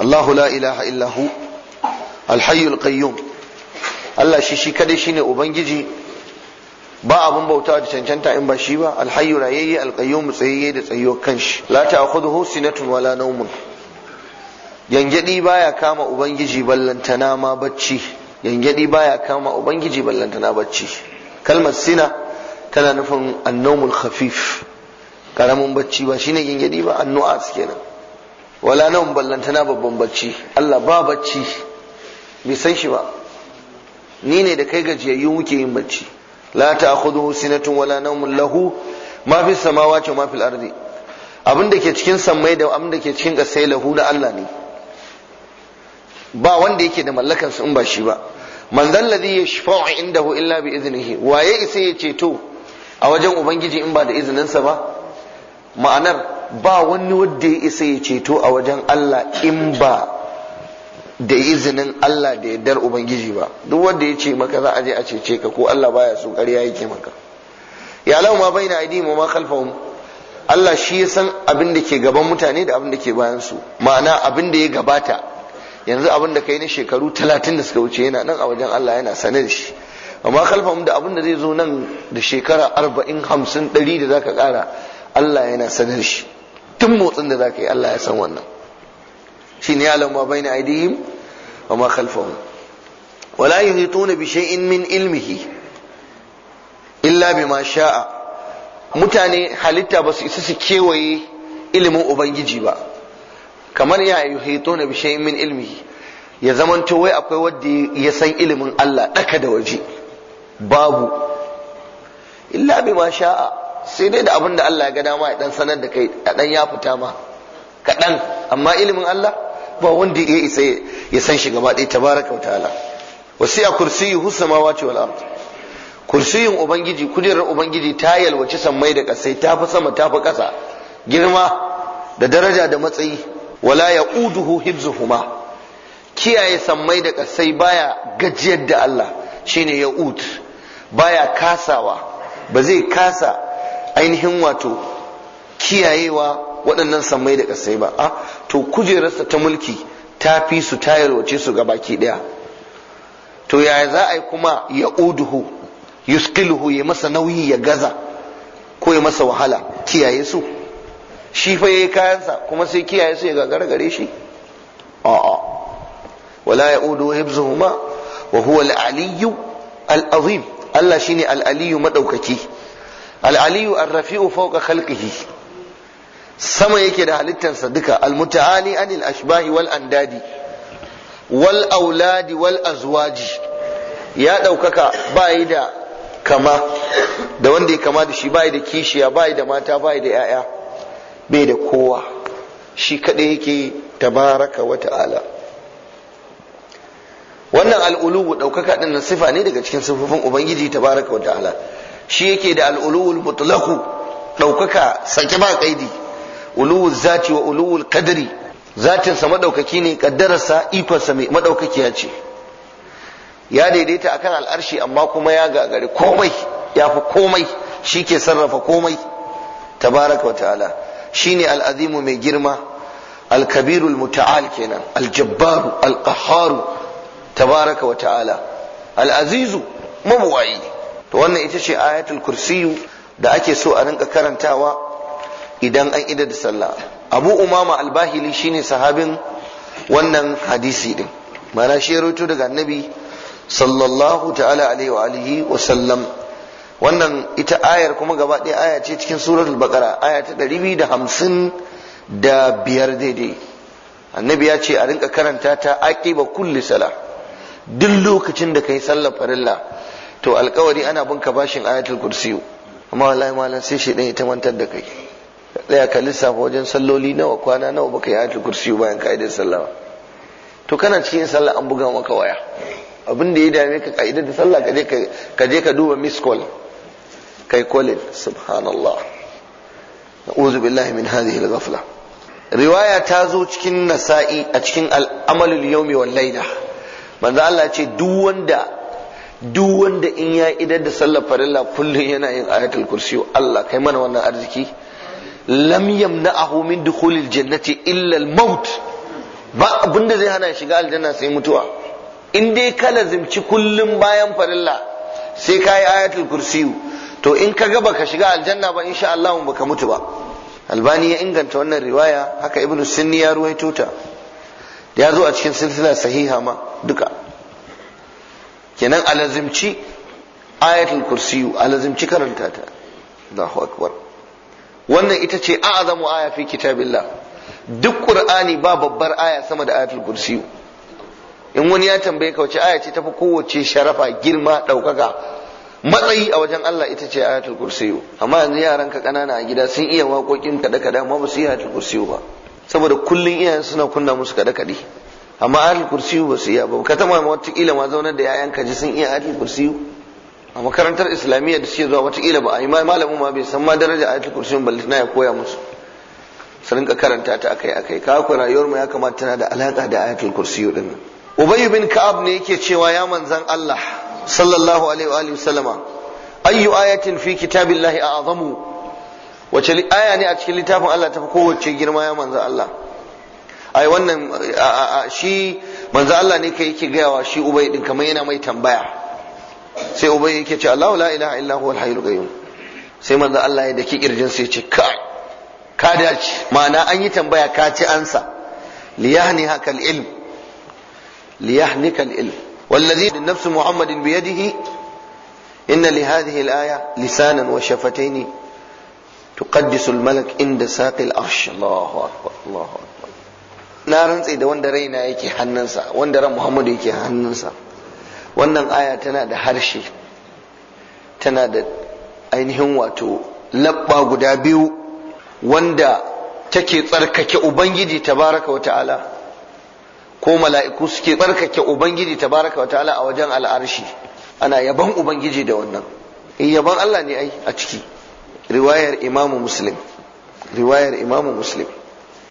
Allahu la ilaha illahu alhayyul qayyum Allah shi shi kadai shine ubangiji ba abun bauta da cancanta in ba shi ba alhayyu rayayye alqayyum tsayayye da tsayuwar kanshi la ta'khudhuhu sinatun wala nawmun yangyadi baya kama ubangiji ballantana ma bacci yangyadi baya kama ubangiji ballantana bacci kalmar sina tana nufin annawmul khafif karamin bacci ba shine yangyadi ba annu'as kenan wala nan na babban bacci Allah ba bacci bai san shi ba ni ne da kai gajiyayyu muke yin bacci la ta'khudhuhu sinatun wala nawmun lahu ma fi samawati ma fil ardi abin da ke cikin sammai da abin da ke cikin kasai lahu na Allah ne ba wanda yake da mallakar su in ba shi ba man zal ladhi yashfa'u indahu illa bi idnihi waye isa ya ceto a wajen ubangiji in ba da izininsa ba ma'anar ba wani wadda ya isa ya ceto a wajen Allah in ba da izinin Allah da yardar ubangiji ba duk wanda ya ce maka za a je a cece ka ko Allah baya so ƙarya yake maka ya lau ma baina aidihim wa ma khalfahum Allah shi ya san abin da ke gaban mutane da abin da ke bayan su ma'ana abin da ya gabata yanzu abin da kai na shekaru talatin da suka wuce yana nan a wajen Allah yana sanar shi. shi amma kalfam da abin da zai zo nan da shekara arba'in hamsin ɗari da zaka kara, Allah yana sanar shi tun motsin da za ka yi Allah ya san wannan shi ne alam ma bai na aidihim wa ma khalfahum wala yuhituna bi shay'in min ilmihi illa sha'a mutane halitta ba su isa su kewaye ilimin ubangiji ba kamar ya yuhituna bi shay'in min ilmihi ya zamanto wai akwai wanda ya san ilimin Allah daka da waje babu illa ma sha'a sai dai da abin da Allah ya ga dama ya dan sanar da kai a dan ya fita ma kaɗan amma ilimin Allah ba wanda ya isa ya san shi gaba ɗaya tabaraka wa ta'ala kursi kursiyi samawati wal ard kursiyin ubangiji kujerar ubangiji ta yalwaci sammai da kasai ta fi sama ta fi ƙasa girma da daraja da matsayi wala ya uduhu hibzuhuma kiyaye sammai da kasai baya gajiyar da Allah shine ya ud baya kasawa ba zai kasa ainihin wato kiyayewa waɗannan sammai da ƙasai ba a ah, to kujerarsa ta mulki ta fi su tayarwace su ga baki ɗaya to yaya za a yi kuma ya uduhu yuskiluhu ya masa nauyi ya gaza ko ya masa wahala kiyaye su shi fa yayi kayansa kuma sai kiyaye su ya gagara gare shi a'a wala ya'udu hibzuhuma wa huwa al-aliyyu al-azim Allah shine al-aliyyu madaukaki Al-Aliyu al'aliyu rafi’u fawqa khalqihi sama yake da halittarsa duka al-muta'ali anil ashbahi wal andadi wal auladi wal azwaji ya ɗaukaka bayi da kama da wanda ya kama da shi bayi da kishiya bayi da mata bayi da 'ya'ya bai da kowa shi kaɗai yake tabaraka wa ta'ala wannan al'uluwu ɗaukaka ɗin sifa ne daga cikin sifofin ubangiji tabaraka wa ta'ala shi yake da al'uluwul mutlaku ɗaukaka sake ba kaidi uluwul zati wa uluwul kadari zatinsa maɗaukaki ne ƙaddararsa ikonsa mai maɗaukakiya ce ya daidaita akan al'arshi amma kuma ya gagari komai ya fi komai shi ke sarrafa komai tabaraka wa ta'ala ne al'azimu mai girma alkabirul muta'al kenan aljabbaru Alkaharu, tabaraka wa ta'ala al'azizu mabuwayi to wannan ita ce ayatul kursiyu da ake so a rinka karantawa idan an ida da sallah abu umama albahili shine sahabin wannan hadisi din mana shi rawaito daga annabi sallallahu ta'ala alaihi wa alihi wa sallam wannan ita ayar kuma gaba ɗaya aya ce cikin suratul baqara aya ta 250 da biyar daidai annabi ya ce a rinka karanta ta aqiba kulli salah duk lokacin da kai sallar farilla to alkawari ana binka bashin ayatul kursiyu amma wallahi malam sai shi ya ta mantar da kai tsaya ka lissafa wajen salloli nawa kwana nawa baka yi ayatul kursiyu bayan ka'idar sallah to kana cikin sallah an buga maka waya abin da ya dame ka ka'idar da sallah ka ka duba miss call kai kolin subhanallah na'udhu billahi min hadhihi al-ghafla riwaya ta zo cikin nasa'i a cikin al-amalul yawmi wal layla manzo Allah ce duk wanda duk wanda in ya idar da sallar farilla kullum yana yin ayatul kursi Allah kai mana wannan arziki lam yamna'ahu min dukhulil jannati illa al-maut ba abinda zai hana shiga aljanna sai mutuwa in dai ka lazimci kullum bayan farilla sai ka yi ayatul kursi to in ka ga baka shiga aljanna ba insha Allah baka mutu ba albani ya inganta wannan riwaya haka ibnu sunni ya ruwaito ta ya zo a cikin silsila sahiha ma duka kenan alazimci ayatul kursiyu alazimci karanta ta Allahu akbar wannan ita ce a'azamu aya fi kitabillah duk qur'ani ba babbar aya sama da ayatul kursi. in wani ya tambaye ka wace aya ce tafi kowace sharafa girma daukaka matsayi a wajen Allah ita ce ayatul kursiyu amma yanzu yaran ka kanana a gida sun iya waƙoƙin kada kada amma ba su yi ayatul kursiyu ba saboda kullun iyayen suna kunna musu kada kaɗe amma ahlul kursiyu ba su iya ba ka tama watakila ma zaunar da yayan ka ji sun iya ahlul kursiyu a makarantar islamiyya da suke zuwa watakila ba a yi malamu ma bai san ma daraja ahlul kursiyu ba na ya koya musu su rinka karanta ta akai akai ka ku rayuwar mu ya kamata tana da alaka da ahlul kursiyu din ubay bin ka'ab ne yake cewa ya manzan Allah sallallahu alaihi wa alihi sallama ayyu ayatin fi kitabillahi a'zamu wace aya ne a cikin littafin Allah tafi kowace girma ya manzan Allah ai wannan shi manzo Allah ne kai yake gayawa shi ubay din kamar yana mai tambaya sai ubay yake ce Allahu la ilaha illa huwal hayyul qayyum sai manzo Allah ya daki kirjin sai ce ka ka dace ma'ana an yi tambaya ka ci ansa liyahni hakal ilm liyahni kal ilm wallazi nafsu muhammadin biyadihi inna li hadhihi al-aya lisanan wa shafataini تقدس الملك عند ساق العرش الله اكبر الله اكبر na rantse da wanda raina yake hannunsa wanda ran muhammadu yake hannunsa wannan aya tana da harshe tana da ainihin wato labba guda biyu wanda take tsarkake ubangiji tabaraka wata'ala ko mala'iku suke tsarkake ubangiji tabaraka wata'ala a wajen al'arshi ana yaban ubangiji da wannan in eh, yaban Allah ne ai a ciki riwayar imamu muslim riwayar imamu muslim